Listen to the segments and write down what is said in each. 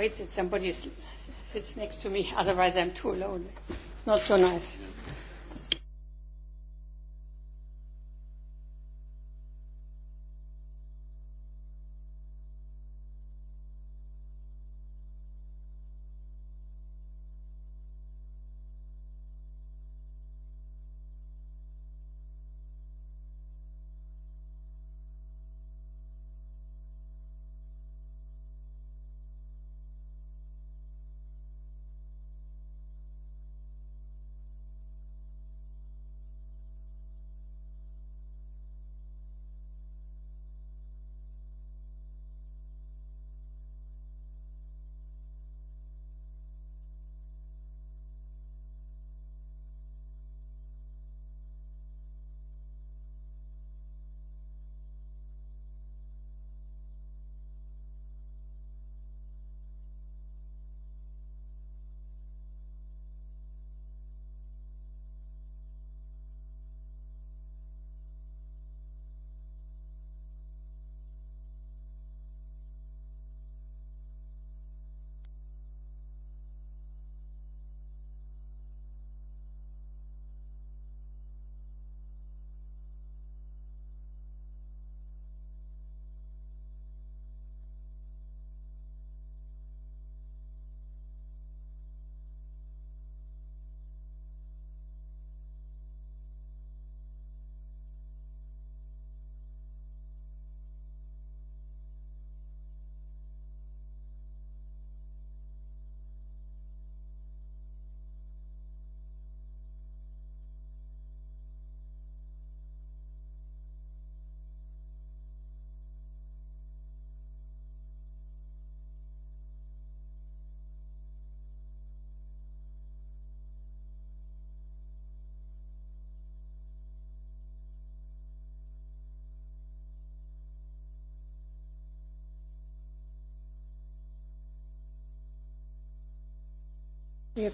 Wait, somebody sits next to me, otherwise I'm too alone. It's not so nice.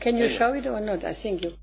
Can you show it or not? I think you.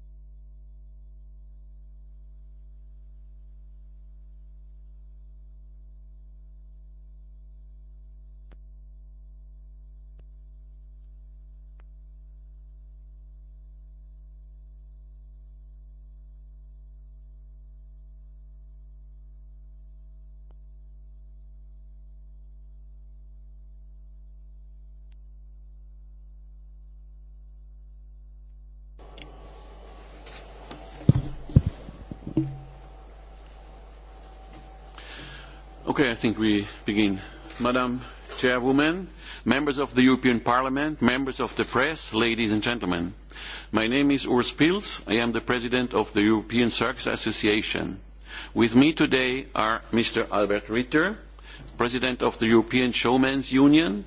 Okay, I think we begin. Madam Chairwoman, members of the European Parliament, members of the press, ladies and gentlemen. My name is Urs Pils. I am the president of the European Circus Association. With me today are Mr. Albert Ritter, president of the European Showmen's Union,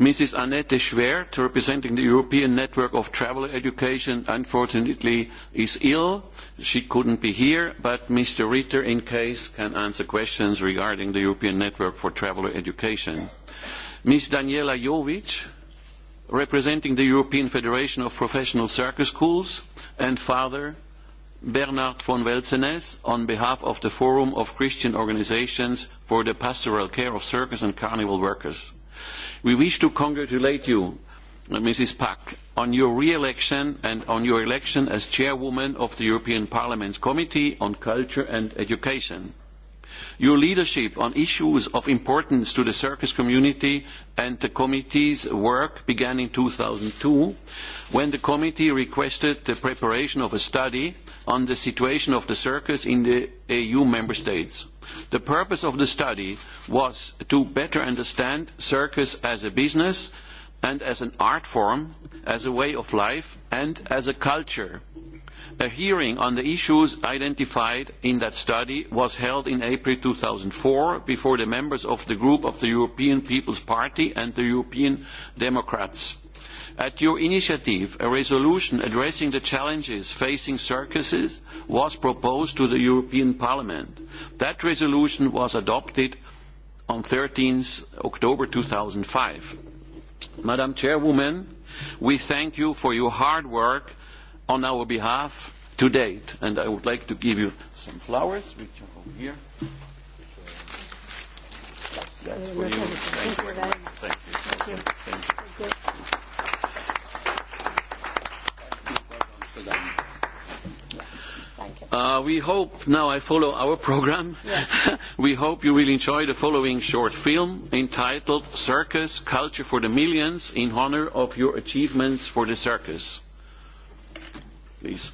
Mrs. Annette Schwert, representing the European Network of Traveller Education, unfortunately is ill. She couldn't be here, but Mr. Ritter, in case, can answer questions regarding the European Network for Traveller Education. Ms. Daniela Jovic, representing the European Federation of Professional Circus Schools, and Father Bernard von Welzenes, on behalf of the Forum of Christian Organisations for the Pastoral Care of Circus and Carnival Workers. We wish to congratulate you, Mrs. Pack, on your re-election and on your election as chairwoman of the European Parliament's Committee on Culture and Education. Your leadership on issues of importance to the circus community and the committee's work began in 2002 when the committee requested the preparation of a study on the situation of the circus in the EU member states. The purpose of the study was to better understand circus as a business and as an art form, as a way of life and as a culture. A hearing on the issues identified in that study was held in April 2004 before the members of the group of the European People's Party and the European Democrats. At your initiative, a resolution addressing the challenges facing circuses was proposed to the European Parliament. That resolution was adopted on 13 October 2005. Madam Chairwoman, we thank you for your hard work on our behalf to date. And I would like to give you some flowers, which are over here. We hope, now I follow our program, we hope you will enjoy the following short film entitled Circus, Culture for the Millions in honor of your achievements for the circus. Please.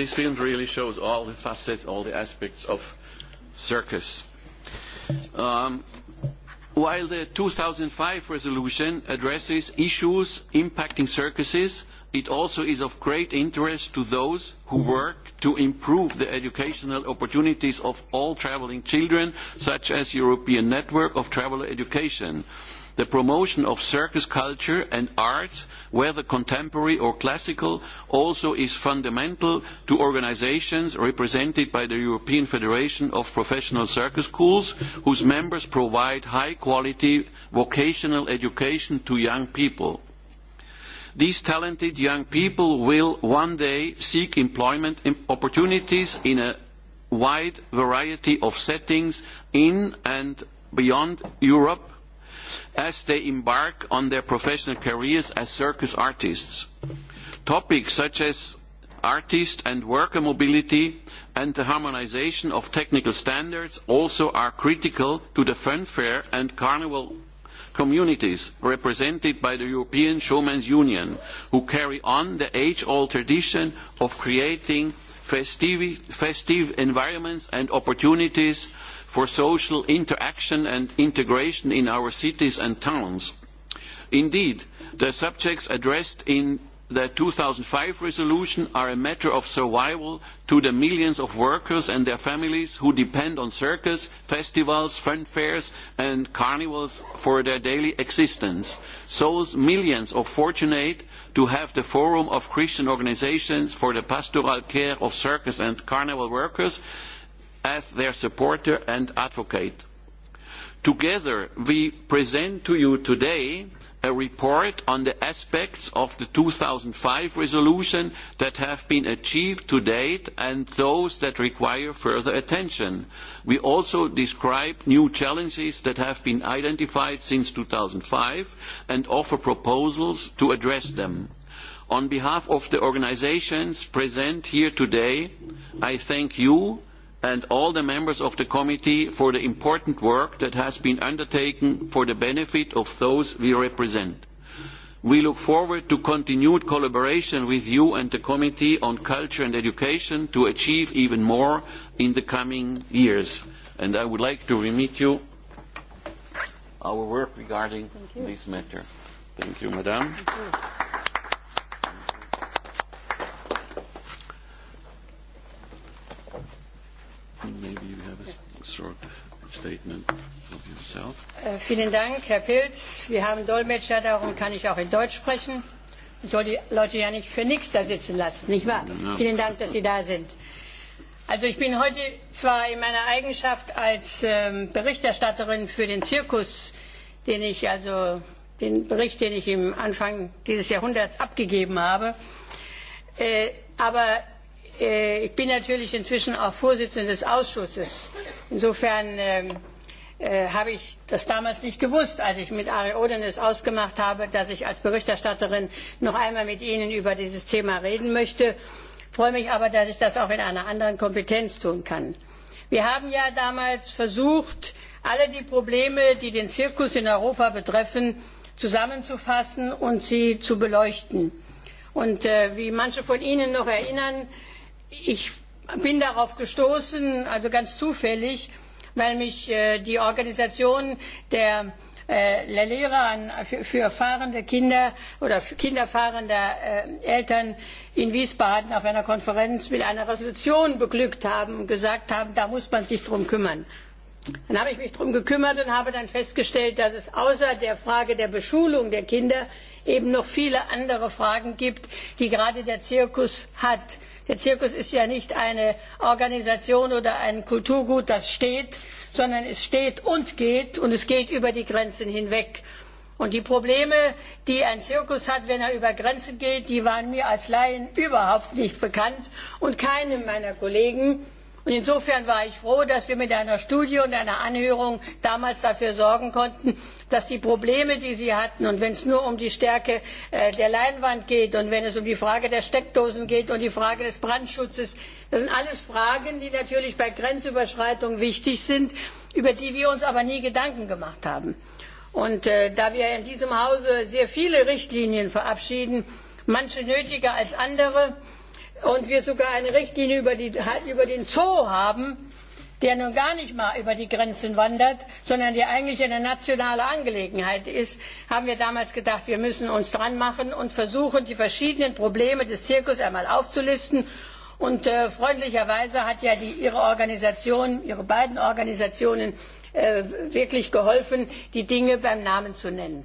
this film really shows all the facets, all the aspects of circus. While the 2005 resolution addresses issues impacting circuses, it also is of great interest to those who work to improve the educational opportunities of all travelling children, such as European Network of Traveler Education the promotion of circus culture and arts, whether contemporary or classical, also is fundamental to organisations represented by the European Federation of Professional Circus Schools, whose members provide high quality vocational education to young people. These talented young people will one day seek employment opportunities in a wide variety of settings in and beyond Europe as they embark on their professional careers as circus artists. Topics such as artist and worker mobility and the harmonisation of technical standards also are critical to the fanfare and carnival communities represented by the European Showmen's Union, who carry on the age-old tradition of creating festive environments and opportunities for social interaction and integration in our cities and towns. Indeed, the subjects addressed in the 2005 resolution are a matter of survival to the millions of workers and their families who depend on circus, festivals, fun fairs and carnivals for their daily existence. So millions are fortunate to have the Forum of Christian organizations for the Pastoral Care of Circus and Carnival Workers as their supporter and advocate. Together we present to you today a report on the aspects of the 2005 resolution that have been achieved to date and those that require further attention. We also describe new challenges that have been identified since 2005 and offer proposals to address them. On behalf of the organisations present here today, I thank you and all the members of the committee for the important work that has been undertaken for the benefit of those we represent. We look forward to continued collaboration with you and the Committee on Culture and Education to achieve even more in the coming years. And I would like to remit you our work regarding this matter. Thank you, Madam. Maybe you short statement of yourself. Vielen Dank, Herr Pilz. Wir haben Dolmetscher, darum kann ich auch in Deutsch sprechen. Ich soll die Leute ja nicht für nichts da sitzen lassen, nicht wahr? Vielen Dank, dass Sie da sind. Also ich bin heute zwar in meiner Eigenschaft als Berichterstatterin für den Zirkus, den ich also den Bericht, den ich im Anfang dieses Jahrhunderts abgegeben habe, aber Ich bin natürlich inzwischen auch Vorsitzende des Ausschusses. Insofern habe ich das damals nicht gewusst, als ich mit Ari Oden ausgemacht habe, dass ich als Berichterstatterin noch einmal mit Ihnen über dieses Thema reden möchte. freue mich aber, dass ich das auch in einer anderen Kompetenz tun kann. Wir haben ja damals versucht, alle die Probleme, die den Zirkus in Europa betreffen, zusammenzufassen und sie zu beleuchten. Und wie manche von Ihnen noch erinnern, ich bin darauf gestoßen, also ganz zufällig, weil mich die Organisation der Lehrer für fahrende Kinder oder Kinderfahrende Eltern in Wiesbaden auf einer Konferenz mit einer Resolution beglückt haben und gesagt haben, da muss man sich darum kümmern. Dann habe ich mich darum gekümmert und habe dann festgestellt, dass es außer der Frage der Beschulung der Kinder eben noch viele andere Fragen gibt, die gerade der Zirkus hat Der Zirkus ist ja nicht eine Organisation oder ein Kulturgut, das steht, sondern es steht und geht und es geht über die Grenzen hinweg. Und die Probleme, die ein Zirkus hat, wenn er über Grenzen geht, waren mir als Laien überhaupt nicht bekannt und keinem meiner Kollegen Und insofern war ich froh, dass wir mit einer Studie und einer Anhörung damals dafür sorgen konnten, dass die Probleme, die Sie hatten, und wenn es nur um die Stärke der Leinwand geht und wenn es um die Frage der Steckdosen geht und die Frage des Brandschutzes, das sind alles Fragen, die natürlich bei Grenzüberschreitung wichtig sind, über die wir uns aber nie Gedanken gemacht haben. Und da wir in diesem Hause sehr viele Richtlinien verabschieden, manche nötiger als andere, und wir sogar eine Richtlinie über den Zoo haben, der nun gar nicht mal über die Grenzen wandert, sondern die eigentlich eine nationale Angelegenheit ist, haben wir damals gedacht, wir müssen uns dran machen und versuchen, die verschiedenen Probleme des Zirkus einmal aufzulisten. Und freundlicherweise hat ja Ihre Organisation, Ihre beiden Organisationen wirklich geholfen, die Dinge beim Namen zu nennen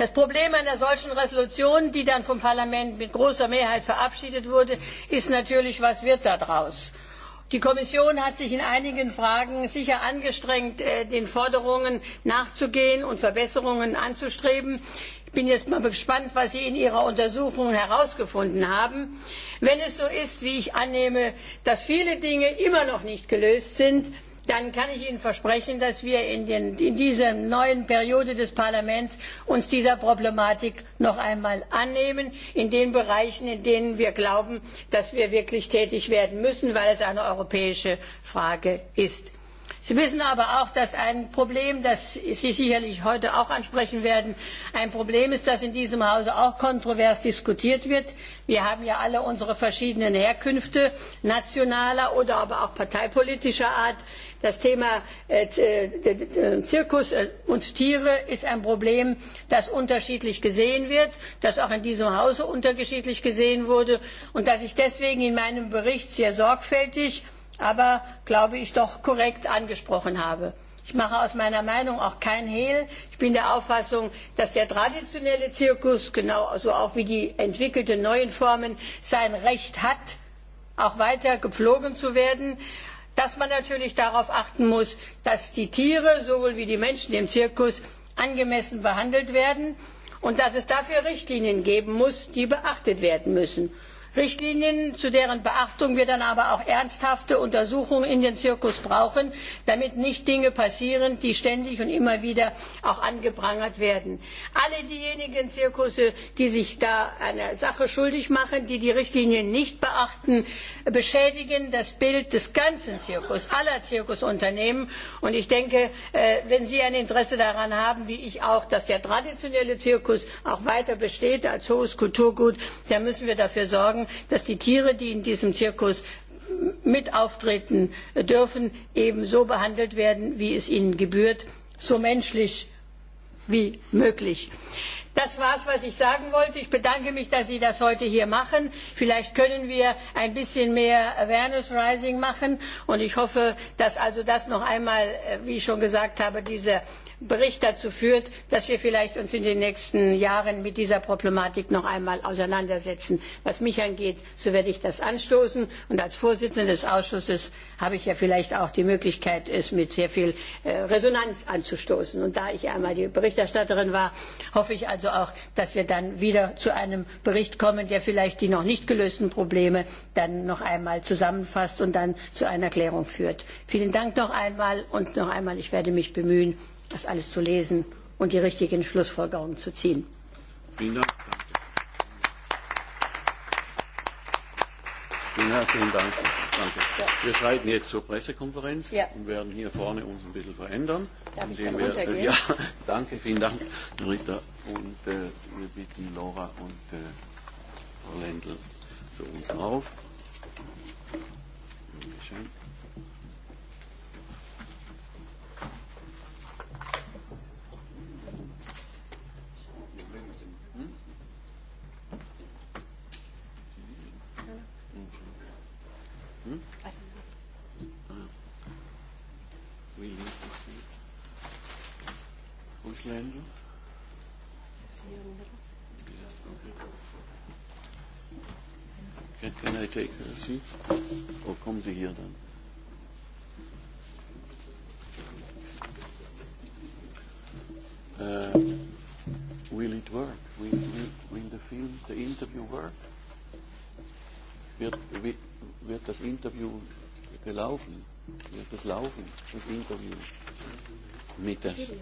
das problem einer solchen entschließung die dann vom parlament mit großer mehrheit verabschiedet wurde ist natürlich was wird daraus? die kommission hat sich in einigen fragen sicher angestrengt den forderungen nachzugehen und verbesserungen anzustreben. ich bin jetzt mal gespannt was sie in ihrer untersuchung herausgefunden haben. wenn es so ist wie ich annehme dass viele dinge immer noch nicht gelöst sind dann kann ich Ihnen versprechen, dass wir uns in dieser neuen Periode des Parlaments dieser Problematik noch einmal annehmen, in den Bereichen, in denen wir glauben, dass wir wirklich tätig werden müssen, weil es eine europäische Frage ist. Sie wissen aber auch, dass ein Problem, das Sie sicherlich heute auch ansprechen werden, ein Problem ist, das in diesem Hause auch kontrovers diskutiert wird. Wir haben ja alle unsere verschiedenen Herkünfte nationaler oder aber auch parteipolitischer Art Das Thema Zirkus und Tiere ist ein Problem, das unterschiedlich gesehen wird, das auch in diesem Hause unterschiedlich gesehen wurde und das ich deswegen in meinem Bericht sehr sorgfältig, aber glaube ich doch korrekt angesprochen habe. Ich mache aus meiner Meinung auch kein Hehl. Ich bin der Auffassung, dass der traditionelle Zirkus, genauso auch wie die entwickelten neuen Formen, sein Recht hat, auch weiter gepflogen zu werden dass man natürlich darauf achten muss dass die tiere sowohl wie die menschen im zirkus angemessen behandelt werden und dass es dafür richtlinien geben muss die beachtet werden müssen. Richtlinien, zu deren Beachtung wir dann aber auch ernsthafte Untersuchungen in den Zirkus brauchen, damit nicht Dinge passieren, die ständig und immer wieder auch angeprangert werden. Alle diejenigen Zirkusse, die sich da einer Sache schuldig machen, die die Richtlinien nicht beachten, beschädigen das Bild des ganzen Zirkus, aller Zirkusunternehmen. Und ich denke, wenn Sie ein Interesse daran haben, wie ich auch, dass der traditionelle Zirkus auch weiter besteht als hohes Kulturgut, dann müssen wir dafür sorgen, dass die tiere die in diesem zirkus mit auftreten dürfen eben so behandelt werden wie es ihnen gebührt so menschlich wie möglich. das war es was ich sagen wollte. ich bedanke mich dass sie das heute hier machen. vielleicht können wir ein bisschen mehr awareness raising machen und ich hoffe dass also das noch einmal wie ich schon gesagt habe diese Bericht dazu führt, dass wir vielleicht uns in den nächsten Jahren mit dieser Problematik noch einmal auseinandersetzen. Was mich angeht, so werde ich das anstoßen. Und als Vorsitzende des Ausschusses habe ich ja vielleicht auch die Möglichkeit, es mit sehr viel Resonanz anzustoßen. Und da ich einmal die Berichterstatterin war, hoffe ich also auch, dass wir dann wieder zu einem Bericht kommen, der vielleicht die noch nicht gelösten Probleme dann noch einmal zusammenfasst und dann zu einer Klärung führt. Vielen Dank noch einmal und noch einmal, ich werde mich bemühen, das alles zu lesen und die richtigen Schlussfolgerungen zu ziehen. Vielen Dank. Vielen herzlichen Dank. Wir schreiten jetzt zur Pressekonferenz und werden hier vorne uns ein bisschen verändern. Ja, danke, vielen Dank, Ritter Und wir bitten Laura und Frau Lendl zu uns auf. Dankeschön. Slendu. Can, can I take a seat? Or kommen Sie hier dann? Uh, will it work? Will, will, will the film, the interview work? Wird, wird, wird das Interview gelaufen? Wird es laufen, das Interview? Mit der... Video.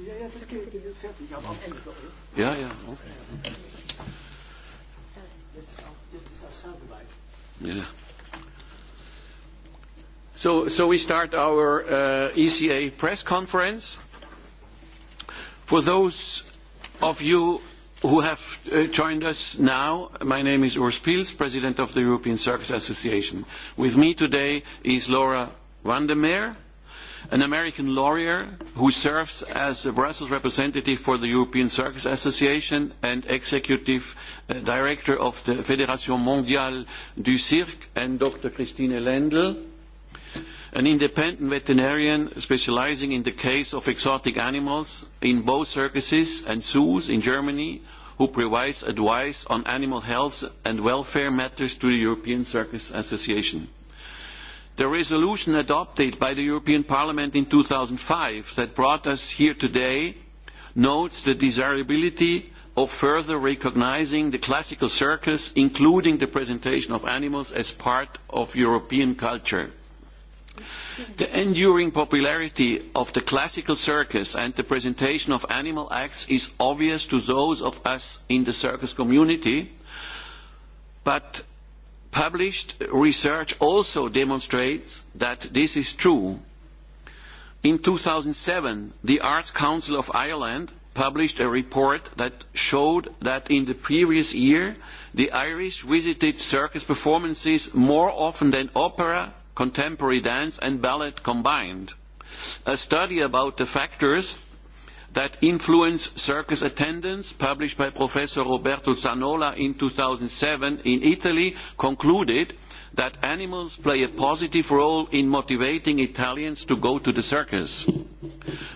Ja, ja, okay. Yeah. So, so we start our ECA press conference. For those of you who have joined us now, my name is Urs Pils, President of the European Circus Association. With me today is Laura van an American lawyer who serves as a Brussels representative for the European Circus Association and executive director of the Fédération Mondiale du Cirque, and Dr. Christine Lendl, an independent veterinarian specialising in the case of exotic animals in both circuses and zoos in Germany, who provides advice on animal health and welfare matters to the European Circus Association. The resolution adopted by the European Parliament in 2005 that brought us here today notes the desirability of further recognising the classical circus, including the presentation of animals, as part of European culture. The enduring popularity of the classical circus and the presentation of animal acts is obvious to those of us in the circus community, but Published research also demonstrates that this is true. In 2007, the Arts Council of Ireland published a report that showed that in the previous year, the Irish visited circus performances more often than opera, contemporary dance and ballet combined. A study about the factors that influence circus attendance published by professor roberto zanola in 2007 in italy concluded that animals play a positive role in motivating italians to go to the circus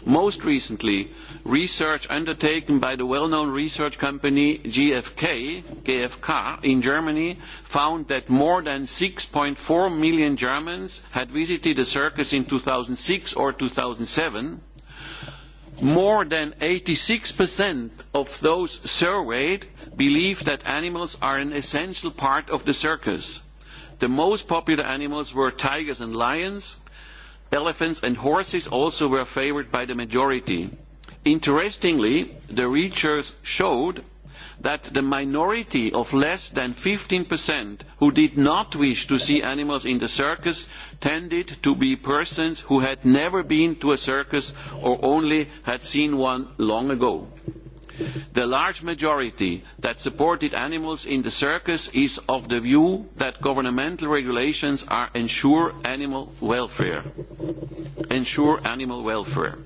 most recently research undertaken by the well known research company gfk in germany found that more than 6.4 million germans had visited a circus in 2006 or 2007 more than 86% of those surveyed believe that animals are an essential part of the circus. The most popular animals were tigers and lions. Elephants and horses also were favoured by the majority. Interestingly, the research showed that the minority of less than 15% who did not wish to see animals in the circus tended to be persons who had never been to a circus or only had seen one long ago. The large majority that supported animals in the circus is of the view that governmental regulations are ensure animal welfare. Ensure animal welfare.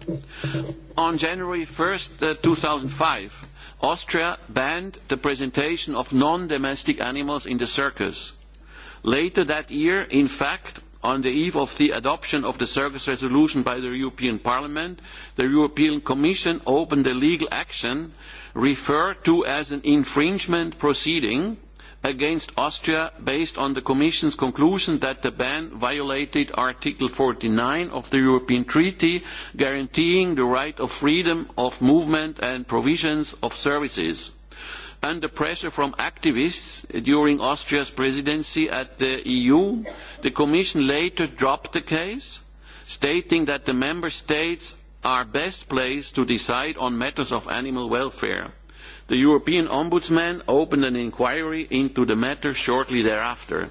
On January 1, 2005, Austria banned the presentation of non-domestic animals in the circus. Later that year, in fact, on the eve of the adoption of the circus resolution by the European Parliament, the European Commission opened a legal action referred to as an infringement proceeding against Austria based on the Commission's conclusion that the ban violated Article 49 of the European Treaty guaranteeing the right of freedom of movement and provisions of services. Under pressure from activists during Austria's presidency at the EU, the Commission later dropped the case, stating that the Member States are best placed to decide on matters of animal welfare. The European Ombudsman opened an inquiry into the matter shortly thereafter.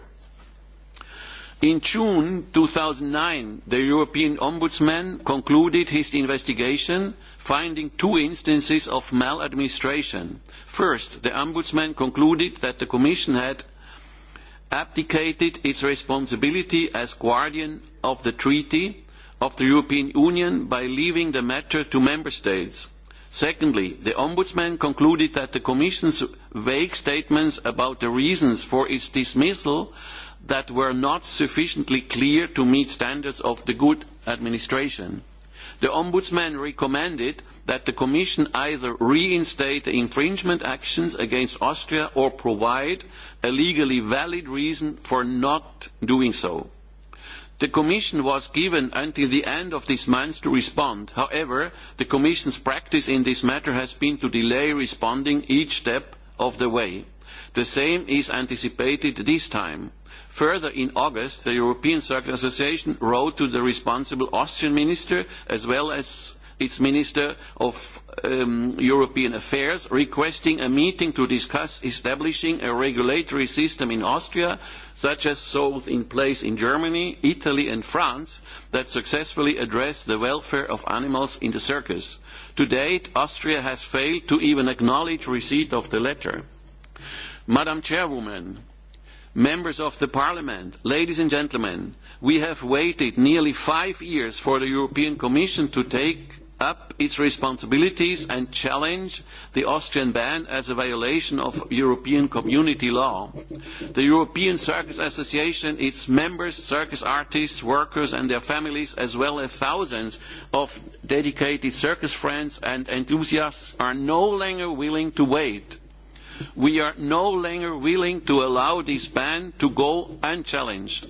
In June 2009, the European Ombudsman concluded his investigation, finding two instances of maladministration. First, the Ombudsman concluded that the Commission had abdicated its responsibility as guardian of the Treaty of the European Union by leaving the matter to Member States Secondly, the Ombudsman concluded that the Commission's vague statements about the reasons for its dismissal that were not sufficiently clear to meet standards of the good administration. The Ombudsman recommended that the Commission either reinstate the infringement actions against Austria or provide a legally valid reason for not doing so. The Commission was given until the end of this month to respond. However, the Commission's practice in this matter has been to delay responding each step of the way. The same is anticipated this time. Further, in August, the European Circuit Association wrote to the responsible Austrian minister as well as its minister of European Affairs requesting a meeting to discuss establishing a regulatory system in Austria, such as those in place in Germany, Italy and France, that successfully address the welfare of animals in the circus. To date, Austria has failed to even acknowledge receipt of the letter. Madam Chairwoman, members of the Parliament, ladies and gentlemen, we have waited nearly five years for the European Commission to take up its responsibilities and challenge the Austrian ban as a violation of European community law. The European Circus Association, its members, circus artists, workers and their families, as well as thousands of dedicated circus friends and enthusiasts are no longer willing to wait. We are no longer willing to allow this ban to go unchallenged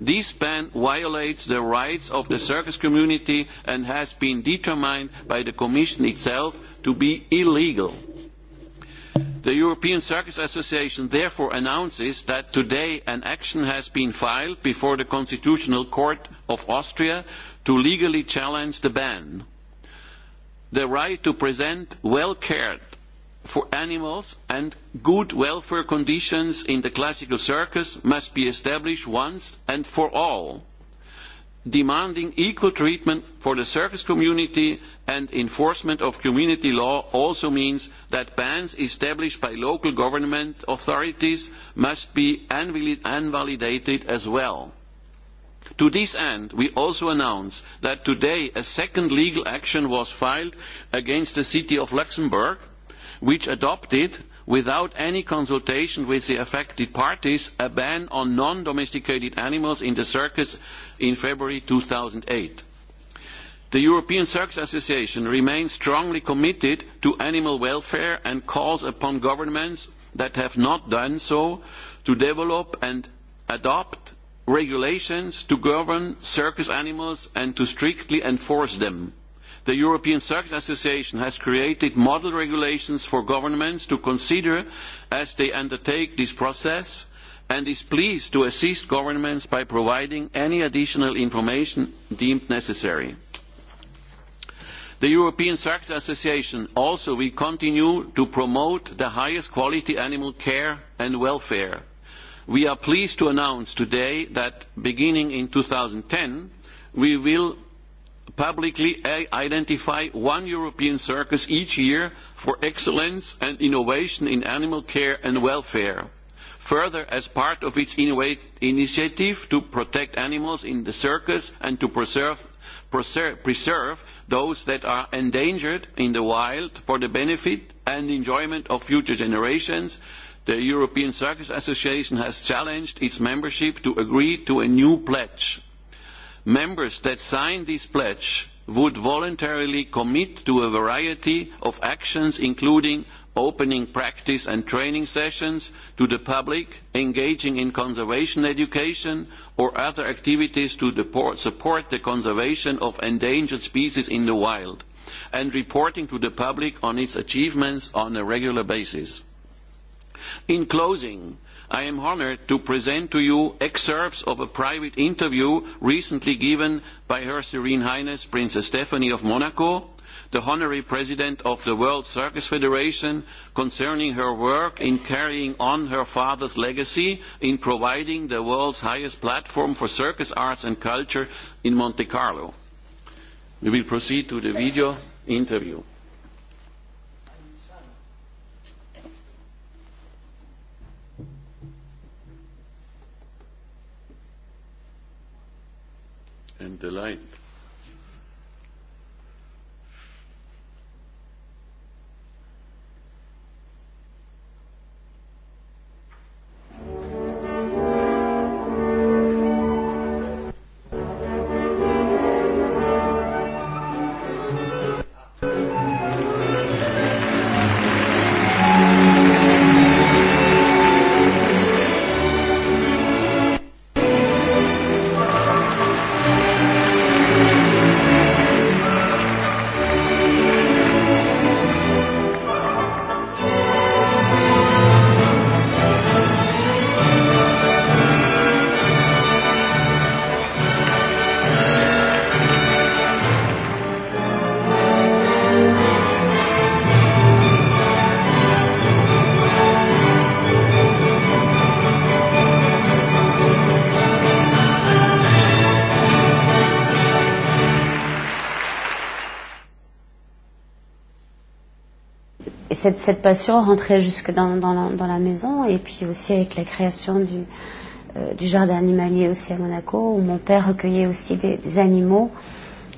This ban violates the rights of the circus community and has been determined by the Commission itself to be illegal. The European Circus Association therefore announces that today an action has been filed before the Constitutional Court of Austria to legally challenge the ban. The right to present well-cared for animals and good welfare conditions in the classical circus must be established once and for all, demanding equal treatment for the circus community and enforcement of community law also means that bans established by local government authorities must be invalidated as well. To this end, we also announce that today a second legal action was filed against the City of Luxembourg which adopted without any consultation with the affected parties a ban on non domesticated animals in the circus in february. two thousand eight the european circus association remains strongly committed to animal welfare and calls upon governments that have not done so to develop and adopt regulations to govern circus animals and to strictly enforce them. The European Circuit Association has created model regulations for governments to consider as they undertake this process and is pleased to assist governments by providing any additional information deemed necessary. The European Circuit Association also will continue to promote the highest quality animal care and welfare. We are pleased to announce today that beginning in 2010 we will publicly identify one European circus each year for excellence and innovation in animal care and welfare. Further, as part of its initiative to protect animals in the circus and to preserve those that are endangered in the wild for the benefit and enjoyment of future generations, the European Circus Association has challenged its membership to agree to a new pledge members that sign this pledge would voluntarily commit to a variety of actions including opening practice and training sessions to the public, engaging in conservation education or other activities to support the conservation of endangered species in the wild, and reporting to the public on its achievements on a regular basis. In closing, I am honoured to present to you excerpts of a private interview recently given by Her Serene Highness Princess Stephanie of Monaco, the Honorary President of the World Circus Federation, concerning her work in carrying on her father's legacy in providing the world's highest platform for circus arts and culture in Monte Carlo. We will proceed to the video interview. and delight. cette, cette passion rentrait jusque dans, dans, dans la maison et puis aussi avec la création du, du jardin animalier aussi à Monaco où mon père recueillait aussi des, animaux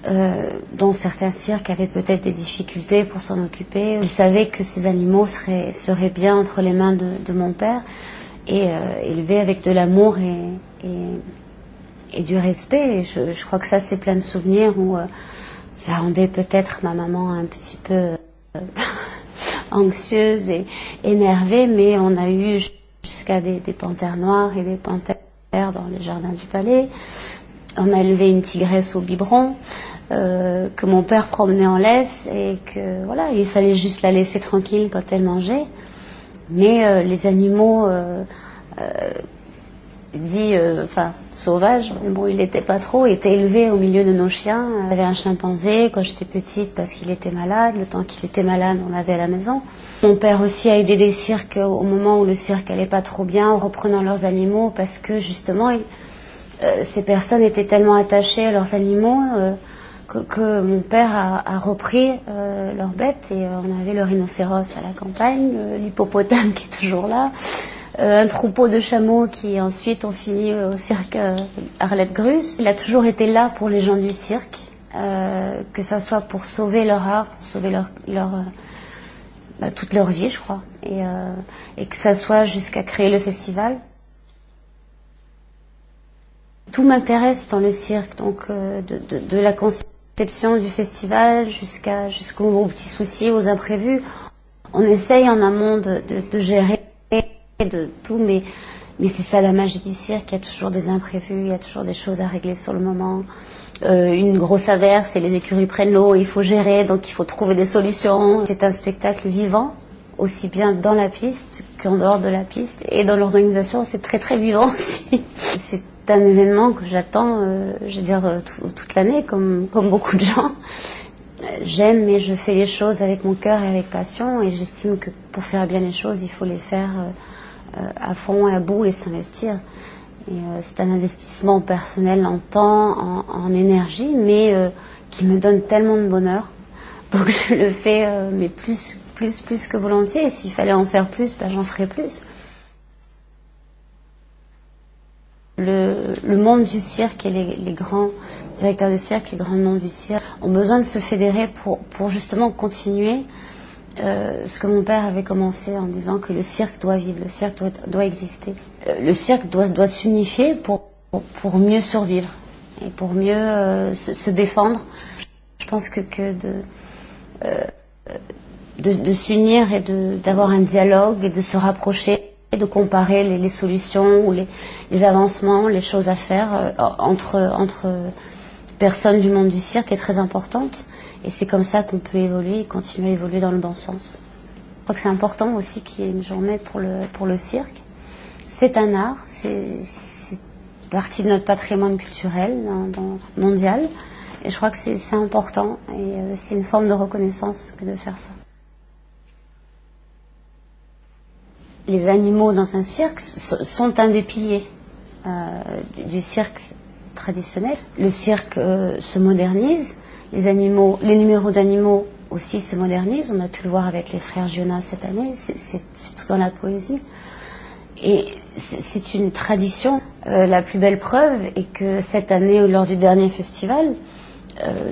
euh, dont certains cirques avaient peut-être des difficultés pour s'en occuper. Il savait que ces animaux seraient, seraient bien entre les mains de, de mon père et euh, élevés avec de l'amour et, et, du respect. Et je, je crois que ça, c'est plein de souvenirs où ça rendait peut-être ma maman un petit peu anxieuse et énervée, mais on a eu jusqu'à des, des panthères noires et des panthères dans les jardins du palais. On a élevé une tigresse au biberon euh, que mon père promenait en laisse et que voilà, il fallait juste la laisser tranquille quand elle mangeait. Mais les animaux dit, enfin, sauvage, mais bon, il n'était pas trop, il était élevé au milieu de nos chiens. avait un chimpanzé quand j'étais petite parce qu'il était malade. Le temps qu'il était malade, on l'avait à la maison. Mon père aussi a aidé des cirques au moment où le cirque allait pas trop bien, en reprenant leurs animaux parce que justement, ces personnes étaient tellement attachées à leurs animaux que mon père a repris leurs bêtes et on avait le rhinocéros à la campagne, l'hippopotame qui est toujours là un troupeau de chameaux qui ensuite ont fini au cirque Arlette Grus. Il a toujours été là pour les gens du cirque, que ça soit pour sauver leur art, pour sauver leur, leur, toute leur vie, je crois, et, et que ça soit jusqu'à créer le festival. Tout m'intéresse dans le cirque, donc de, de, de la conception du festival jusqu'à jusqu'aux petits soucis, aux imprévus. On essaye en amont de, de, de gérer de tout, mais, mais c'est ça la magie du cirque. Il y a toujours des imprévus, il y a toujours des choses à régler sur le moment. Euh, une grosse averse et les écuries prennent l'eau, il faut gérer, donc il faut trouver des solutions. C'est un spectacle vivant, aussi bien dans la piste qu'en dehors de la piste. Et dans l'organisation, c'est très très vivant aussi. C'est un événement que j'attends, euh, je veux dire, toute l'année, comme, comme beaucoup de gens j'aime et je fais les choses avec mon cœur et avec passion et j'estime que pour faire bien les choses, il faut les faire à fond et à bout et s'investir. C'est un investissement personnel en temps, en énergie, mais qui me donne tellement de bonheur. Donc je le fais, mais plus, plus, plus que volontiers. Et s'il fallait en faire plus, j'en ferais plus. Le, le monde du cirque et les, les grands directeurs de cirque, les grands noms du cirque, ont besoin de se fédérer pour, pour justement continuer ce que mon père avait commencé en disant que le cirque doit vivre, le cirque doit, doit exister. Le cirque doit, doit s'unifier pour, pour mieux survivre et pour mieux se, se défendre. Je pense que, que de, de, de s'unir et d'avoir un dialogue et de se rapprocher et de comparer les, les solutions ou les, les avancements, les choses à faire entre, entre personnes du monde du cirque est très importante. Et c'est comme ça qu'on peut évoluer et continuer à évoluer dans le bon sens. Je crois que c'est important aussi qu'il y ait une journée pour le, pour le cirque. C'est un art, c'est partie de notre patrimoine culturel mondial. Et je crois que c'est important et c'est une forme de reconnaissance que de faire ça. Les animaux dans un cirque sont un des piliers du cirque traditionnel. Le cirque se modernise les animaux, les numéros d'animaux aussi se modernisent. On a pu le voir avec les frères Jonas cette année. C'est tout dans la poésie. Et c'est une tradition. la plus belle preuve est que cette année, lors du dernier festival,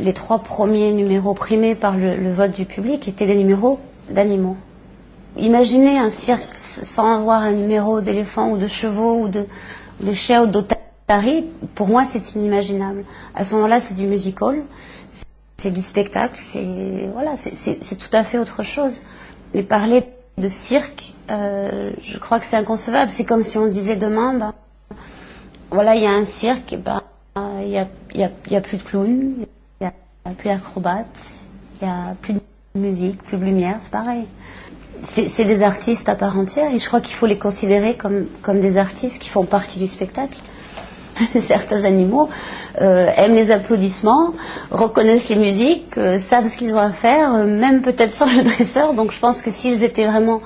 les trois premiers numéros primés par le, le vote du public étaient des numéros d'animaux. Imaginez un cirque sans avoir un numéro d'éléphant ou de chevaux ou de, de chiens ou d'otaries, pour moi c'est inimaginable. À ce moment-là, c'est du music hall c'est du spectacle, c'est voilà, c'est tout à fait autre chose. Mais parler de cirque, euh, je crois que c'est inconcevable. C'est comme si on disait demain, voilà, il y a un cirque, bah, il y a, y, a, y a plus de clowns, il y a, plus d'acrobates, il y a plus de musique, plus de lumière, c'est pareil. C'est des artistes à part entière et je crois qu'il faut les considérer comme, comme des artistes qui font partie du spectacle certains animaux aiment les applaudissements, reconnaissent les musiques, savent ce qu'ils ont à faire, même peut-être sans le dresseur. Donc je pense que s'ils étaient vraiment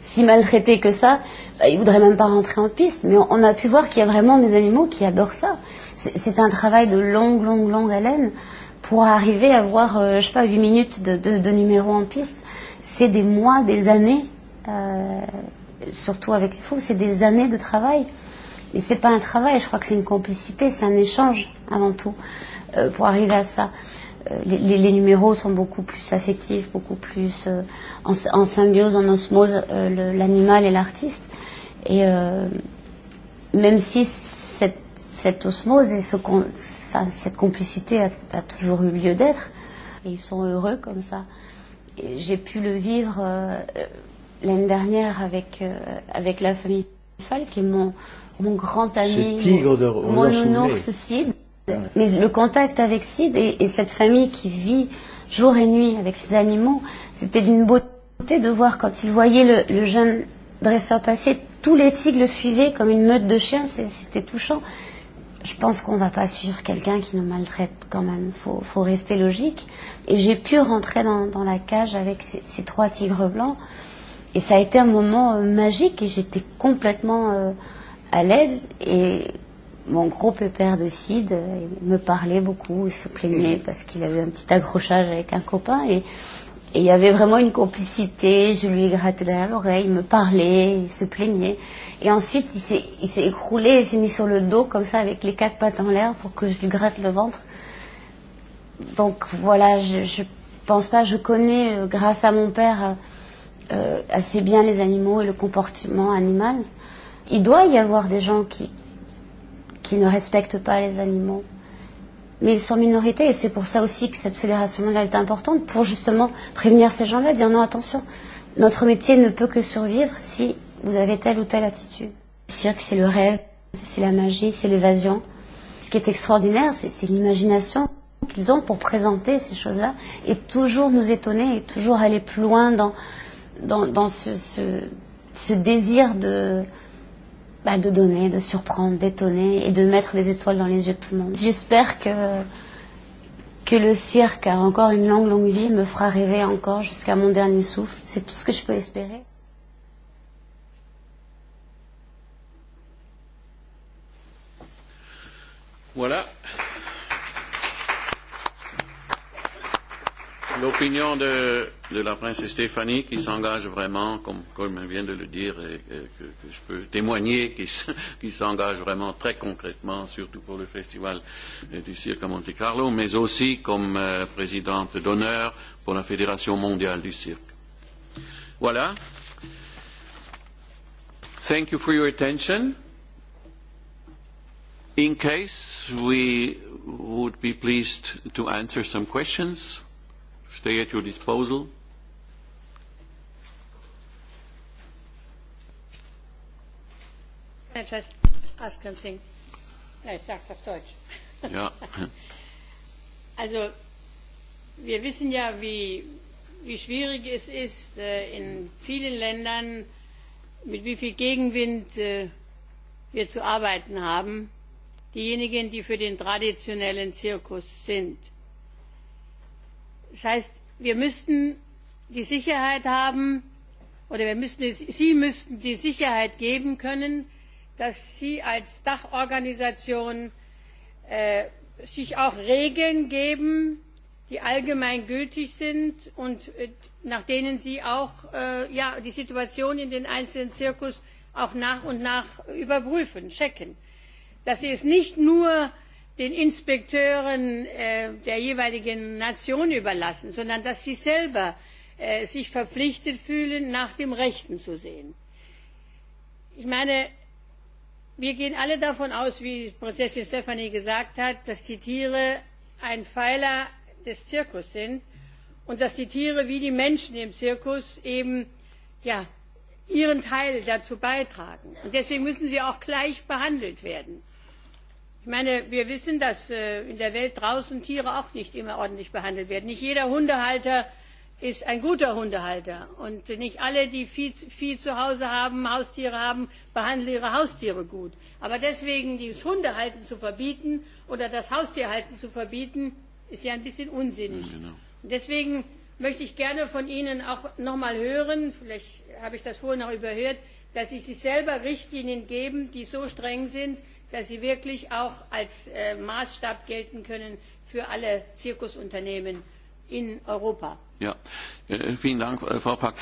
si maltraités que ça, ils voudraient même pas rentrer en piste. Mais on a pu voir qu'il y a vraiment des animaux qui adorent ça. C'est un travail de longue, longue, longue haleine pour arriver à avoir, je sais pas, 8 minutes de, de, de numéro en piste. C'est des mois, des années, surtout avec les fous, c'est des années de travail. Mais n'est pas un travail, je crois que c'est une complicité, c'est un échange avant tout pour arriver à ça. Les numéros sont beaucoup plus affectifs, beaucoup plus en symbiose, en osmose, l'animal et l'artiste. Et même si cette cette osmose et ce, enfin, cette complicité a, a toujours eu lieu d'être. ils sont heureux comme ça. J'ai pu le vivre euh, l'année dernière avec, euh, avec la famille Fall, qui est mon, mon grand ami, tigre de mon nounours Sid. Mais le contact avec Sid et, et cette famille qui vit jour et nuit avec ces animaux, c'était d'une beauté de voir quand il voyait le, le jeune dresseur passer, tous les tigres le suivaient comme une meute de chiens, c'était touchant. Je pense qu'on ne va pas suivre quelqu'un qui nous maltraite quand même, il faut, faut rester logique. Et j'ai pu rentrer dans, dans la cage avec ces, ces trois tigres blancs, et ça a été un moment magique, et j'étais complètement... Euh, à l'aise et mon gros pépère de Cid me parlait beaucoup, il se plaignait parce qu'il avait un petit accrochage avec un copain et il y avait vraiment une complicité, je lui grattais derrière l'oreille, il me parlait, il se plaignait. Et ensuite, il s'est écroulé, il s'est mis sur le dos comme ça avec les quatre pattes en l'air pour que je lui gratte le ventre. Donc voilà, je, je pense pas, je connais grâce à mon père euh, assez bien les animaux et le comportement animal il doit y avoir des gens qui, qui ne respectent pas les animaux. Mais ils sont minorités et c'est pour ça aussi que cette fédération mondiale est importante, pour justement prévenir ces gens-là, dire non, attention, notre métier ne peut que survivre si vous avez telle ou telle attitude. Le cirque, c'est le rêve, c'est la magie, c'est l'évasion. Ce qui est extraordinaire, c'est l'imagination qu'ils ont pour présenter ces choses-là et toujours nous étonner et toujours aller plus loin dans, dans, dans ce, ce, ce désir de, bah, de donner, de surprendre, d'étonner et de mettre des étoiles dans les yeux de tout le monde. J'espère que, que le cirque a encore une longue, longue vie me fera rêver encore jusqu'à mon dernier souffle. C'est tout ce que je peux espérer. Voilà. l'opinion de, de la princesse Stéphanie qui s'engage vraiment, comme, comme elle vient de le dire, et, que, je peux témoigner, qui, qui s'engage vraiment très concrètement, surtout pour le festival du cirque à Monte Carlo, mais aussi comme présidente d'honneur pour la Fédération mondiale du cirque. Voilà. Thank you for your attention. In case we would be pleased to answer some questions stay at your disposal. Can I just auf Deutsch. Ja. Also, wir wissen ja, wie, wie schwierig es ist, in vielen Ländern, mit wie viel Gegenwind wir zu arbeiten haben. Diejenigen, die für den traditionellen Zirkus sind Das heißt, wir müssten die Sicherheit haben, oder Sie müssten die Sicherheit geben können, dass Sie als Dachorganisation sich auch Regeln geben, die allgemein gültig sind und nach denen Sie auch die Situation in den einzelnen Zirkus auch nach und nach überprüfen, checken. Dass Sie es nicht nur den Inspekteuren der jeweiligen Nation überlassen, sondern dass sie selber sich verpflichtet fühlen, nach dem Rechten zu sehen. Ich meine, wir gehen alle davon aus, wie Prinzessin Stephanie gesagt hat, dass die Tiere ein Pfeiler des Zirkus sind und dass die Tiere wie die Menschen im Zirkus eben ihren Teil dazu beitragen. Und deswegen müssen sie auch gleich behandelt werden. Ich meine, wir wissen, dass in der Welt draußen Tiere auch nicht immer ordentlich behandelt werden. Nicht jeder Hundehalter ist ein guter Hundehalter. Und nicht alle, die viel zu Hause haben, Haustiere haben, behandeln ihre Haustiere gut. Aber deswegen das Hundehalten zu verbieten oder das Haustierhalten zu verbieten, ist ja ein bisschen unsinnig. Deswegen möchte ich gerne von Ihnen auch noch mal hören, vielleicht habe ich das vorhin noch überhört, dass Sie sich selber Richtlinien geben, die so streng sind, dass sie wirklich auch als Maßstab gelten können für alle Zirkusunternehmen in Europa. vielen Dank, Frau Pack.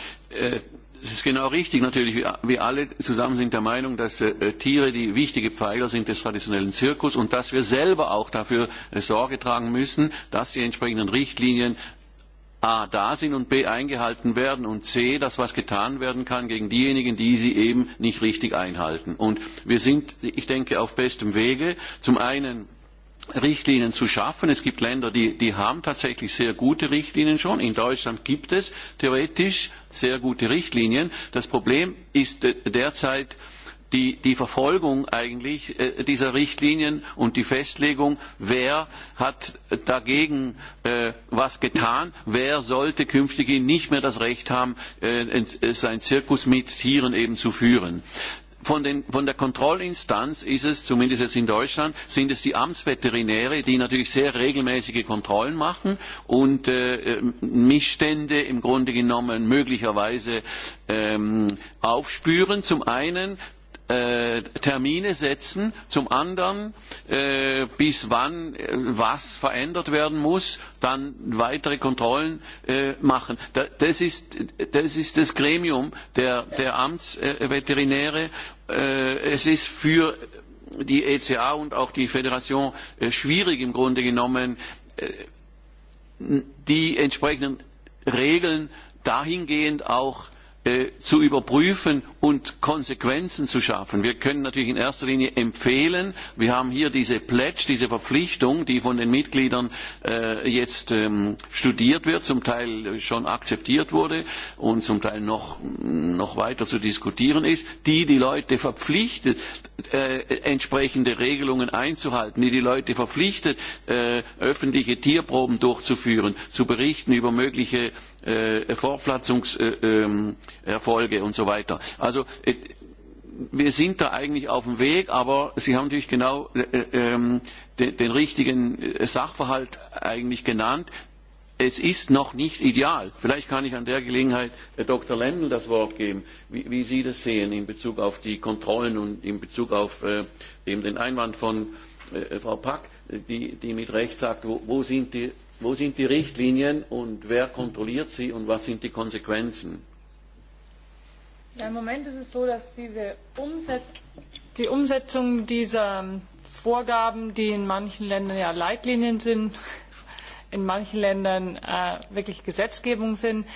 Es ist genau richtig natürlich. Wir alle zusammen sind der Meinung, dass Tiere die wichtige Pfeiler sind des traditionellen Zirkus und dass wir selber auch dafür Sorge tragen müssen, dass die entsprechenden Richtlinien a da sind und b eingehalten werden und c dass was getan werden kann gegen diejenigen die sie eben nicht richtig einhalten. und wir sind ich denke auf bestem wege zum einen richtlinien zu schaffen es gibt länder die haben tatsächlich sehr gute richtlinien schon in deutschland gibt es theoretisch sehr gute richtlinien. das problem ist derzeit die Verfolgung eigentlich dieser Richtlinien und die Festlegung, wer hat dagegen etwas getan, wer sollte künftig nicht mehr das Recht haben, seinen Zirkus mit Tieren zu führen. Von der Kontrollinstanz ist es, zumindest in Deutschland, sind es die Amtsveterinäre, die natürlich sehr regelmäßige Kontrollen machen und Missstände im Grunde genommen möglicherweise aufspüren. Zum einen Termine setzen, zum anderen bis wann was verändert werden muss, dann weitere Kontrollen machen. Das ist das Gremium der Amtsveterinäre. Es ist für die ECA und auch die Föderation schwierig im Grunde genommen, die entsprechenden Regeln dahingehend auch zu überprüfen und Konsequenzen zu schaffen. Wir können natürlich in erster Linie empfehlen, wir haben hier diese Pledge, diese Verpflichtung, die von den Mitgliedern jetzt studiert wird, zum Teil schon akzeptiert wurde und zum Teil noch weiter zu diskutieren ist, die die Leute verpflichtet, entsprechende Regelungen einzuhalten, die die Leute verpflichtet, öffentliche Tierproben durchzuführen, zu berichten über mögliche Vorpflanzungserfolge und so weiter. Also wir sind da eigentlich auf dem Weg, aber Sie haben natürlich genau den richtigen Sachverhalt eigentlich genannt. Es ist noch nicht ideal. Vielleicht kann ich an der Gelegenheit Dr. Lendl das Wort geben, wie Sie das sehen in Bezug auf die Kontrollen und in Bezug auf den Einwand von Frau Pack, die mit Recht sagt, wo sind die Wo sind die Richtlinien und wer kontrolliert sie und was sind die Konsequenzen? Im Moment ist es so, dass die Umsetzung dieser Vorgaben, die in manchen Ländern ja Leitlinien sind, in manchen Ländern wirklich Gesetzgebung sind,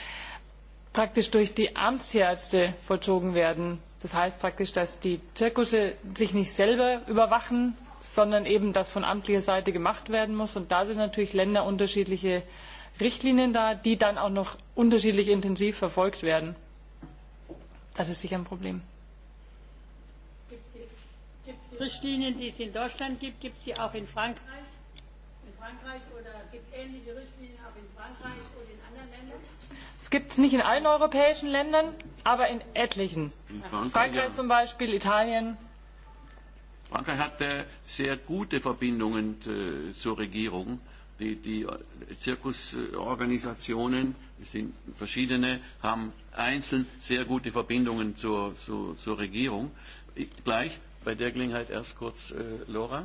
praktisch durch die Amtsärzte vollzogen werden. Das heißt praktisch, dass die Zirkusse sich nicht selber überwachen sondern eben das von amtlicher Seite gemacht werden muss. Und da sind natürlich Länder unterschiedliche Richtlinien da, die dann auch noch unterschiedlich intensiv verfolgt werden. Das ist sicher ein Problem. Gibt es Richtlinien, die es in Deutschland gibt, gibt es die auch in Frankreich? In Frankreich oder gibt es ähnliche Richtlinien auch in Frankreich und in anderen Ländern? Es gibt es nicht in allen europäischen Ländern, aber in etlichen. Frankreich zum Beispiel, Italien, Frankreich hat sehr gute Verbindungen zur Regierung. Die Zirkusorganisationen, es sind verschiedene, haben einzeln sehr gute Verbindungen zur Regierung. Gleich bei der Gelegenheit erst kurz Laura.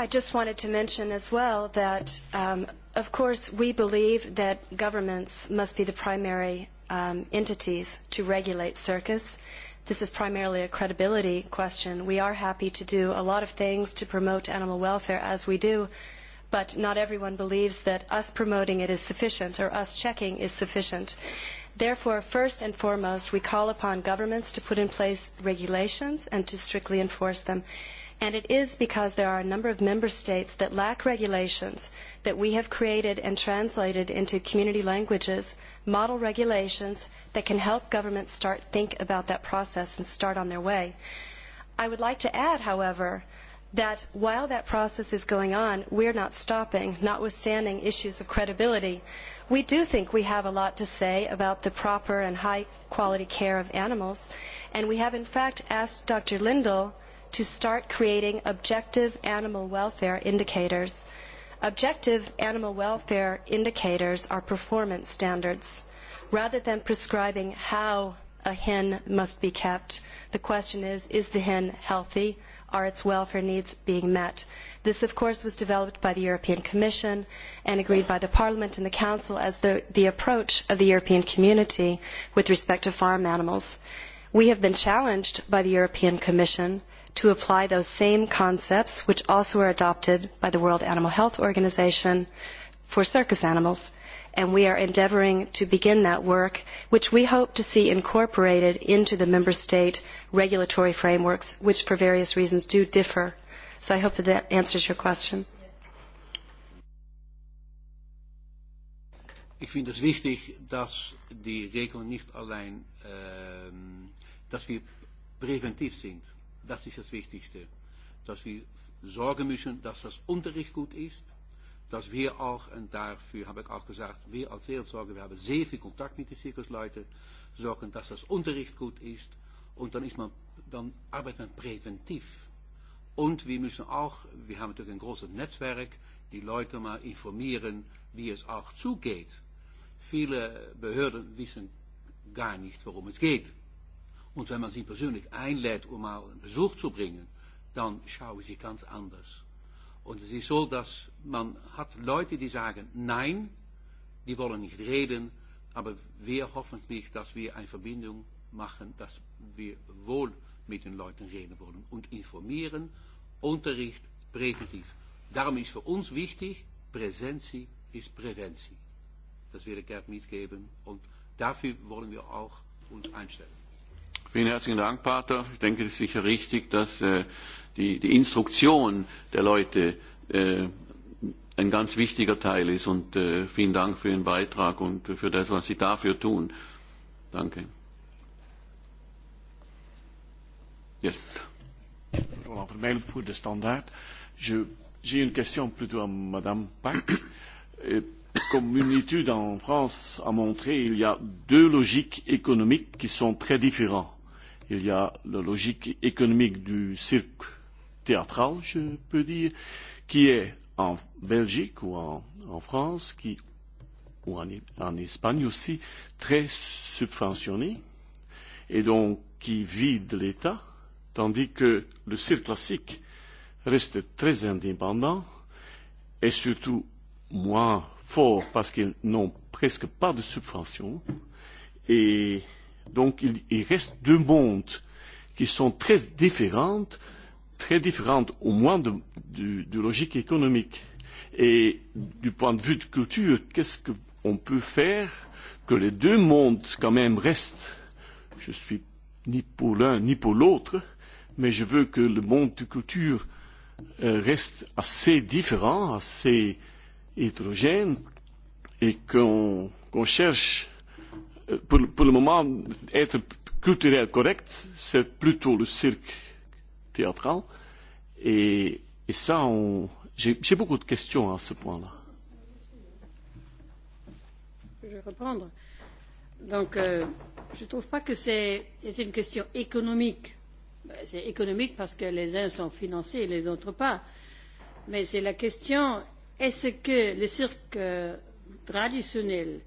I just wanted to mention as well that, of course, we believe that governments must be the primary entities to regulate circus this is primarily a credibility question. We are happy to do a lot of things to promote animal welfare as we do, but not everyone believes that us promoting it is sufficient or us checking is sufficient. Therefore, first and foremost, we call upon governments to put in place regulations and to strictly enforce them and it is because there are a number of member states that lack regulations that we have created and translated into community languages model regulations that can help governments start think about that process and start on their way i would like to add however that while that process is going on we are not stopping notwithstanding issues of credibility we do think we have a lot to say about the proper and high quality care of animals and we have in fact asked dr lindell to start creating objective animal welfare indicators. Objective animal welfare indicators are performance standards. Rather than prescribing how a hen must be kept, the question is, is the hen healthy? Are its welfare needs being met? This, of course, was developed by the European Commission and agreed by the Parliament and the Council as the approach of the European community with respect to farm animals. We have been challenged by the European Commission to apply those same concepts, which also are adopted by the World Animal Health Organization for circus animals, and we are endeavoring to begin that work, which we hope to see incorporated into the member state regulatory frameworks, which for various reasons do differ. So I hope that that answers your question. Ich finde es wichtig, dass die nicht allein, Das ist das Wichtigste. Dass wir sorgen müssen, dass das Unterricht gut ist. Dass wir auch, und dafür habe ich auch gesagt, wir als Seelsorger, wir haben sehr viel Kontakt mit den Zirkusleuten, sorgen, dass das Unterricht gut ist. Und dann, ist man, dann arbeitet man präventiv. Und wir müssen auch, wir haben natürlich ein großes Netzwerk, die Leute mal informieren, wie es auch zugeht. Viele Behörden wissen gar nicht, worum es geht. Und wenn man sie persönlich einlädt, um mal einen Besuch zu bringen, dann schauen sie ganz anders. Und es ist so, dass man hat Leute, die sagen, nein, die wollen nicht reden, aber wir hoffen nicht, dass wir eine Verbindung machen, dass wir wohl mit den Leuten reden wollen und informieren, Unterricht, präventiv. Darum ist für uns wichtig, Präsenz ist Präventie. Das will ich gerne mitgeben und dafür wollen wir auch uns einstellen. Vielen herzlichen Dank, Pater. Ich denke, es ist sicher richtig, dass die die Instruktion der Leute ein ganz wichtiger Teil ist. Und vielen Dank für Ihren Beitrag und für das, was Sie dafür tun. Danke. Yes. Roland für den Standard. Je, J'ai une question plutôt à Madame Pack. Comme une étude en France a montré, il y a deux logiques économiques qui sont très différentes il y a la logique économique du cirque théâtral, je peux dire, qui est en Belgique ou en France, qui ou en Espagne aussi, très subventionné et donc qui vide l'État, tandis que le cirque classique reste très indépendant et surtout moins fort parce qu'ils n'ont presque pas de subventions et Donc il reste deux mondes qui sont très différents, très différentes au moins de logique économique. Et du point de vue de culture, qu'est-ce qu'on peut faire que les deux mondes quand même restent Je ne suis ni pour l'un ni pour l'autre, mais je veux que le monde de culture reste assez différent, assez hétérogène, et qu'on cherche pour le moment être culturel correct c'est plutôt le cirque théâtral et ça j'ai beaucoup de questions à ce point là. Je vais reprendre. Donc, je ne trouve pas que c'est une question économique. C'est économique parce que les uns sont financés et les autres pas. Mais c'est la question, est-ce que le cirque traditionnel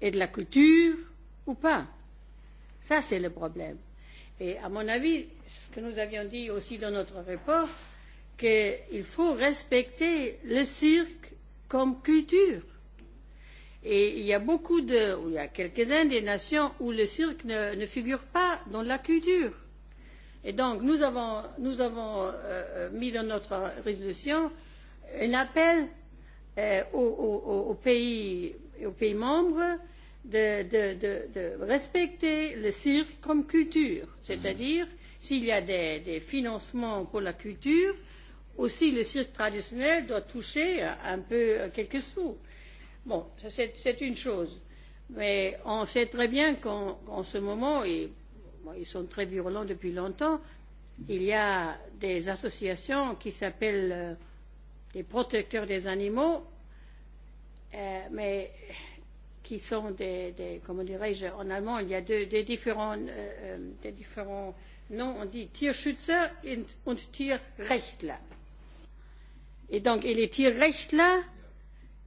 est de la culture ou pas Ça, c'est le problème. Et à mon avis, ce que nous avions dit aussi dans notre rapport, qu'il faut respecter le cirque comme culture. Et il y a beaucoup de, ou il y a quelques uns des nations où le cirque ne figure pas dans la culture. Et donc, nous avons nous avons mis dans notre résolution un appel aux pays membres de respecter le cirque comme culture, c'est-à-dire s'il y a des financements pour la culture, aussi le cirque traditionnel doit toucher un peu quelques sous. Bon, c'est une chose, mais on sait très bien qu'en ce moment, et ils sont très virulents depuis longtemps, il y a des associations qui s'appellent les protecteurs des animaux, mais qui sont des, des comment dirais-je, en allemand, il y a deux, des, différents, des différents noms, on dit Tierschützer und Tierrechtler. Et donc, et les Tierrechtler,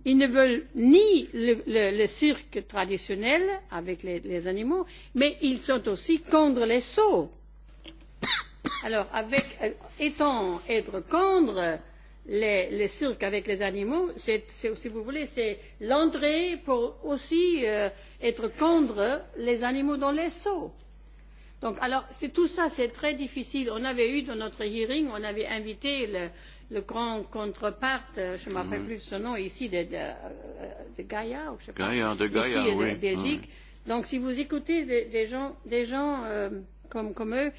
ils ne veulent ni le, cirque traditionnel avec les, les animaux, mais ils sont aussi contre les sauts. Alors, avec, étant être contre, les cirques avec les animaux, c'est si vous voulez, c'est l'entrée pour aussi être contre les animaux dans les seaux. Donc, alors, tout ça, c'est très difficile. On avait eu dans notre hearing, on avait invité le, le grand contrepart, je ne me rappelle plus de son nom, ici, de, de, Gaïa, ou je sais pas, de Gaïa, ici, Belgique. Donc, si vous écoutez des, gens, des gens comme, comme eux,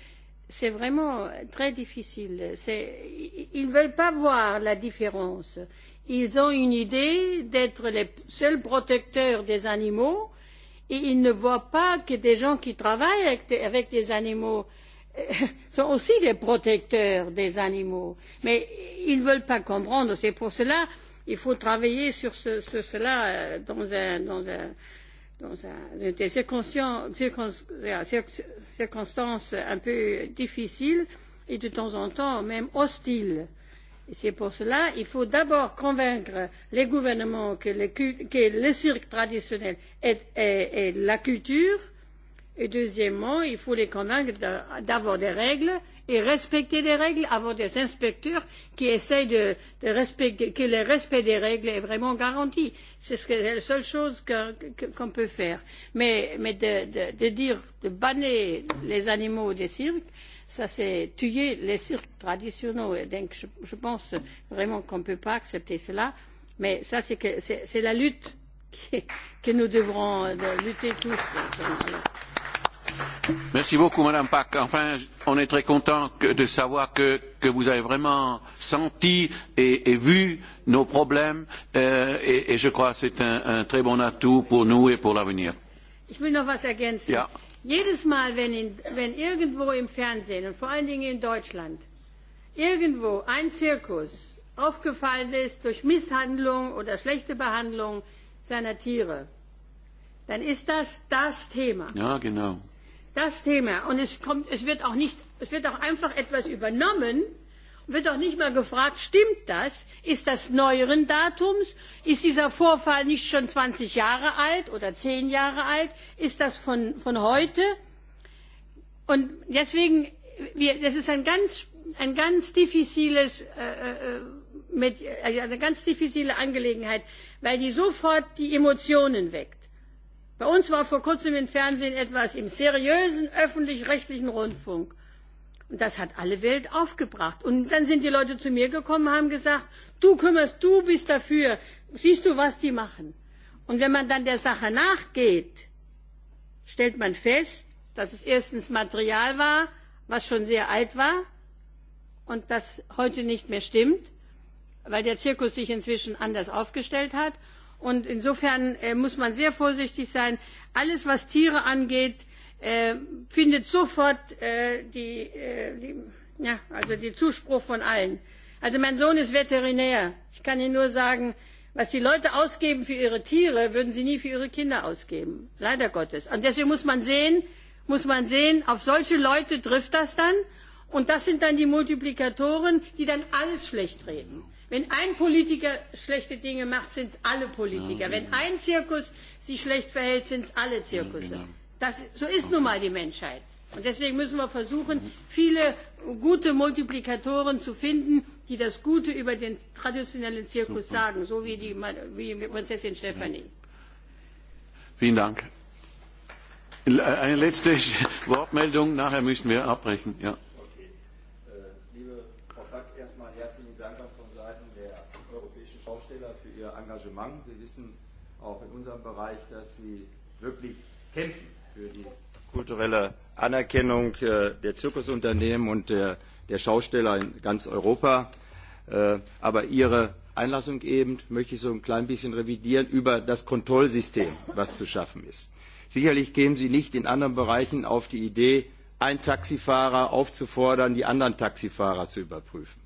c'est vraiment très difficile. Ils ne veulent pas voir la différence. Ils ont une idée d'être les seuls protecteurs des animaux et ils ne voient pas que des gens qui travaillent avec des animaux sont aussi des protecteurs des animaux. Mais ils ne veulent pas comprendre. C'est pour cela qu'il faut travailler sur cela dans un dans un dans des circonstances un peu difficiles et de temps en temps même hostiles. C'est pour cela qu'il faut d'abord convaincre les gouvernements que le cirque traditionnel est la culture et deuxièmement il faut les convaincre d'avoir des règles et respecter les règles, avant des inspecteurs qui essayent de, de respecter, que le respect des règles est vraiment garanti. C'est ce la seule chose qu'on peut faire. Mais, mais de, de, dire, de banner les animaux des cirques, ça c'est tuer les cirques traditionnels. Et donc je, je pense vraiment qu'on ne peut pas accepter cela. Mais ça c'est la lutte que nous devrons lutter tous. Merci beaucoup, Madame Pack. Enfin, on est très content de savoir que vous avez vraiment senti et vu nos problèmes et je crois que c'est un très bon atout pour nous et pour l'avenir. Ich will noch etwas ergänzen. Jedes Mal, wenn irgendwo im Fernsehen und vor allen Dingen in Deutschland irgendwo ein Zirkus aufgefallen ist durch Misshandlung oder schlechte Behandlung seiner Tiere, dann ist das das Thema. Ja, genau das Thema. Und es, kommt, es, wird auch nicht, es wird auch einfach etwas übernommen, wird auch nicht mal gefragt, stimmt das? Ist das neueren Datums? Ist dieser Vorfall nicht schon 20 Jahre alt oder 10 Jahre alt? Ist das von, von heute? Und deswegen, wir, das ist ein ganz, ein ganz diffiziles, mit, eine ganz diffizile Angelegenheit, weil die sofort die Emotionen weckt Bei uns war vor kurzem im Fernsehen etwas im seriösen öffentlich-rechtlichen Rundfunk. Und das hat alle Welt aufgebracht. Und dann sind die Leute zu mir gekommen und haben gesagt, du kümmerst, du bist dafür. Siehst du, was die machen? Und wenn man dann der Sache nachgeht, stellt man fest, dass es erstens Material war, was schon sehr alt war und das heute nicht mehr stimmt, weil der Zirkus sich inzwischen anders aufgestellt hat Und insofern muss man sehr vorsichtig sein. Alles, was Tiere angeht, findet sofort den Zuspruch von allen. Also mein Sohn ist Veterinär. Ich kann Ihnen nur sagen, was die Leute ausgeben für ihre Tiere, würden sie nie für ihre Kinder ausgeben. Leider Gottes. Und deswegen muss man sehen, muss man sehen, auf solche Leute trifft das dann. Und das sind dann die Multiplikatoren, die dann alles schlecht reden. Wenn ein Politiker schlechte Dinge macht, sind es alle Politiker. Wenn ein Zirkus sich schlecht verhält, sind es alle Zirkusse. So ist nun mal die Menschheit. Und deswegen müssen wir versuchen, viele gute Multiplikatoren zu finden, die das Gute über den traditionellen Zirkus sagen, so wie die Prinzessin stephanie. Vielen Dank. Eine letzte Wortmeldung, nachher müssen wir abbrechen. auch in unserem Bereich, dass sie wirklich kämpfen für die kulturelle Anerkennung der Zirkusunternehmen und der Schausteller in ganz Europa. Aber Ihre Einlassung eben möchte ich so ein klein bisschen revidieren über das Kontrollsystem, was zu schaffen ist. Sicherlich kämen Sie nicht in anderen Bereichen auf die Idee, einen Taxifahrer aufzufordern, die anderen Taxifahrer zu überprüfen.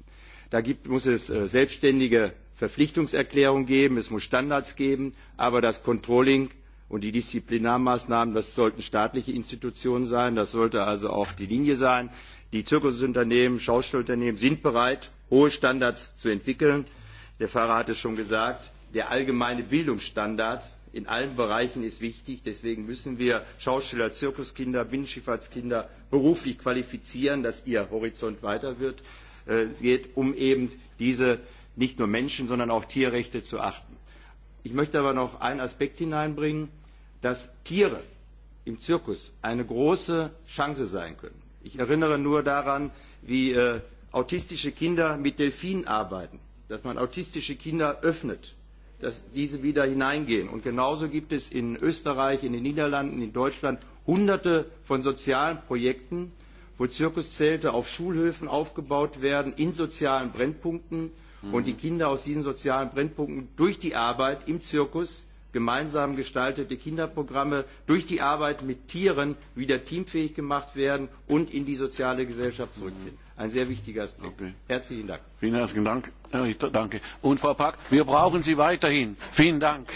Da muss es selbstständige Verpflichtungserklärung geben, es muss Standards geben, aber das Controlling und die Disziplinarmaßnahmen, das sollten staatliche Institutionen sein, das sollte also auch die Linie sein. Die Zirkusunternehmen, Schauspielunternehmen sind bereit, hohe Standards zu entwickeln. Der Fahrer hat es schon gesagt, der allgemeine Bildungsstandard in allen Bereichen ist wichtig. Deswegen müssen wir Schauspieler, Zirkuskinder, Binnenschifffahrtskinder beruflich qualifizieren, dass ihr Horizont weiter wird, geht, um eben diese nicht nur Menschen, sondern auch Tierrechte zu achten. Ich möchte aber noch einen Aspekt hineinbringen, dass Tiere im Zirkus eine große Chance sein können. Ich erinnere nur daran, wie autistische Kinder mit Delfinen arbeiten, dass man autistische Kinder öffnet, dass diese wieder hineingehen. Und genauso gibt es in Österreich, in den Niederlanden, in Deutschland hunderte von sozialen Projekten, wo Zirkuszelte auf Schulhöfen aufgebaut werden, in sozialen Brennpunkten, und die Kinder aus diesen sozialen Brennpunkten durch die Arbeit im Zirkus, gemeinsam gestaltete Kinderprogramme, durch die Arbeit mit Tieren wieder teamfähig gemacht werden und in die soziale Gesellschaft zurückfinden. Ein sehr wichtiger Aspekt. Herzlichen Dank. Vielen herzlichen Dank. Danke. Und Frau Pack, wir brauchen Sie weiterhin. Vielen Dank.